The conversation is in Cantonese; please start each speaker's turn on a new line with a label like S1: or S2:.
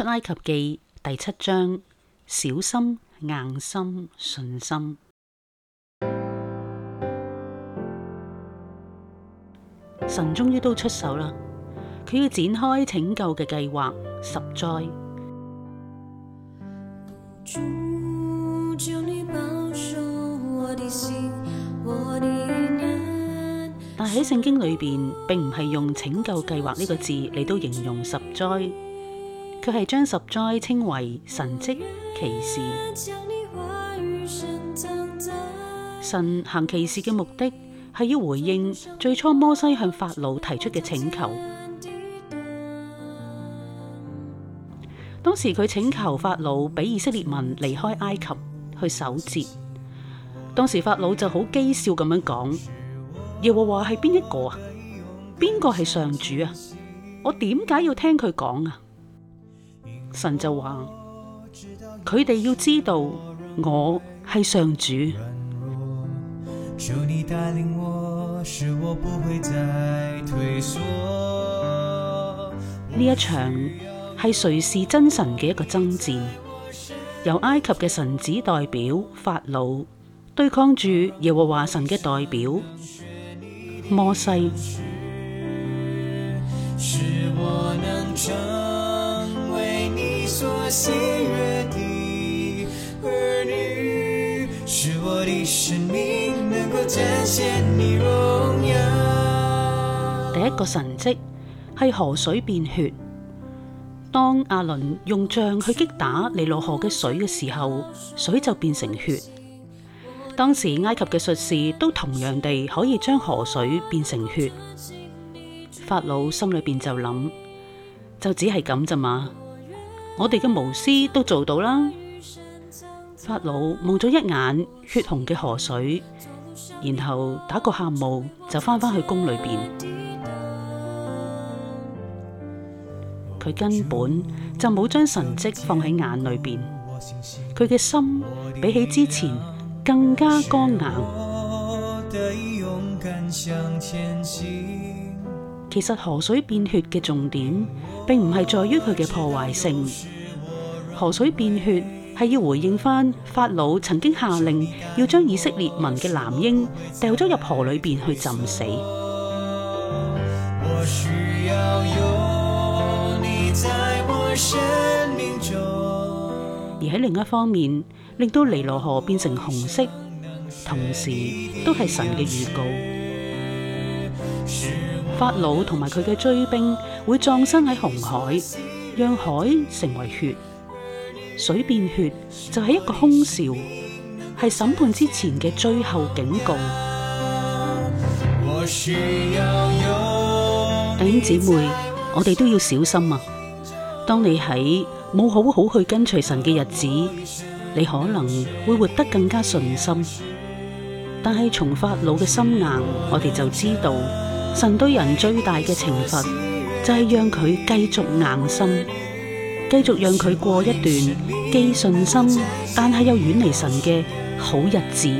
S1: 出埃及記第七章，小心硬心順心，神終於都出手啦！佢要展開拯救嘅計劃，十
S2: 災。但
S1: 係喺聖經裏邊，並唔係用拯救計劃呢個字嚟都形容十災。佢係將十災稱為神蹟奇事。神行奇事嘅目的係要回應最初摩西向法老提出嘅請求。當時佢請求法老俾以色列民離開埃及去守節。當時法老就好譏笑咁樣講，耶和華係邊一個啊？邊個係上主啊？我點解要聽佢講啊？神就話佢哋要知道我係上主。
S2: 呢
S1: 一場係誰是真神嘅一個爭戰，由埃及嘅神子代表法老對抗住耶和華神嘅代表摩西。第一個神蹟係河水變血。當亞倫用杖去擊打尼羅河嘅水嘅時候，水就變成血。當時埃及嘅術士都同樣地可以將河水變成血。法老心裏邊就諗：就只係咁咋嘛？我哋嘅巫師都做到啦，法老望咗一眼血紅嘅河水，然後打個喊霧就翻返去宮裏邊。佢根本就冇將神蹟放喺眼裏邊，佢嘅心比起之前更加剛
S2: 硬。
S1: 其實河水變血嘅重點，並唔係在於佢嘅破壞性。河水變血係要回應翻法老曾經下令要將以色列民嘅男嬰掉咗入河裏邊去浸死。而喺另一方面，令到尼羅河變成紅色，同時都係神嘅預告。法老同埋佢嘅追兵會葬身喺紅海，讓海成為血，水變血就係一個凶兆，係審判之前嘅最後警告。弟兄姊妹，我哋都要小心啊！當你喺冇好好去跟隨神嘅日子，你可能會活得更加順心，但係從法老嘅心硬，我哋就知道。神對人最大嘅懲罰，就係讓佢繼續硬心，繼續讓佢過一段寄信心，但係又遠離神嘅好日子。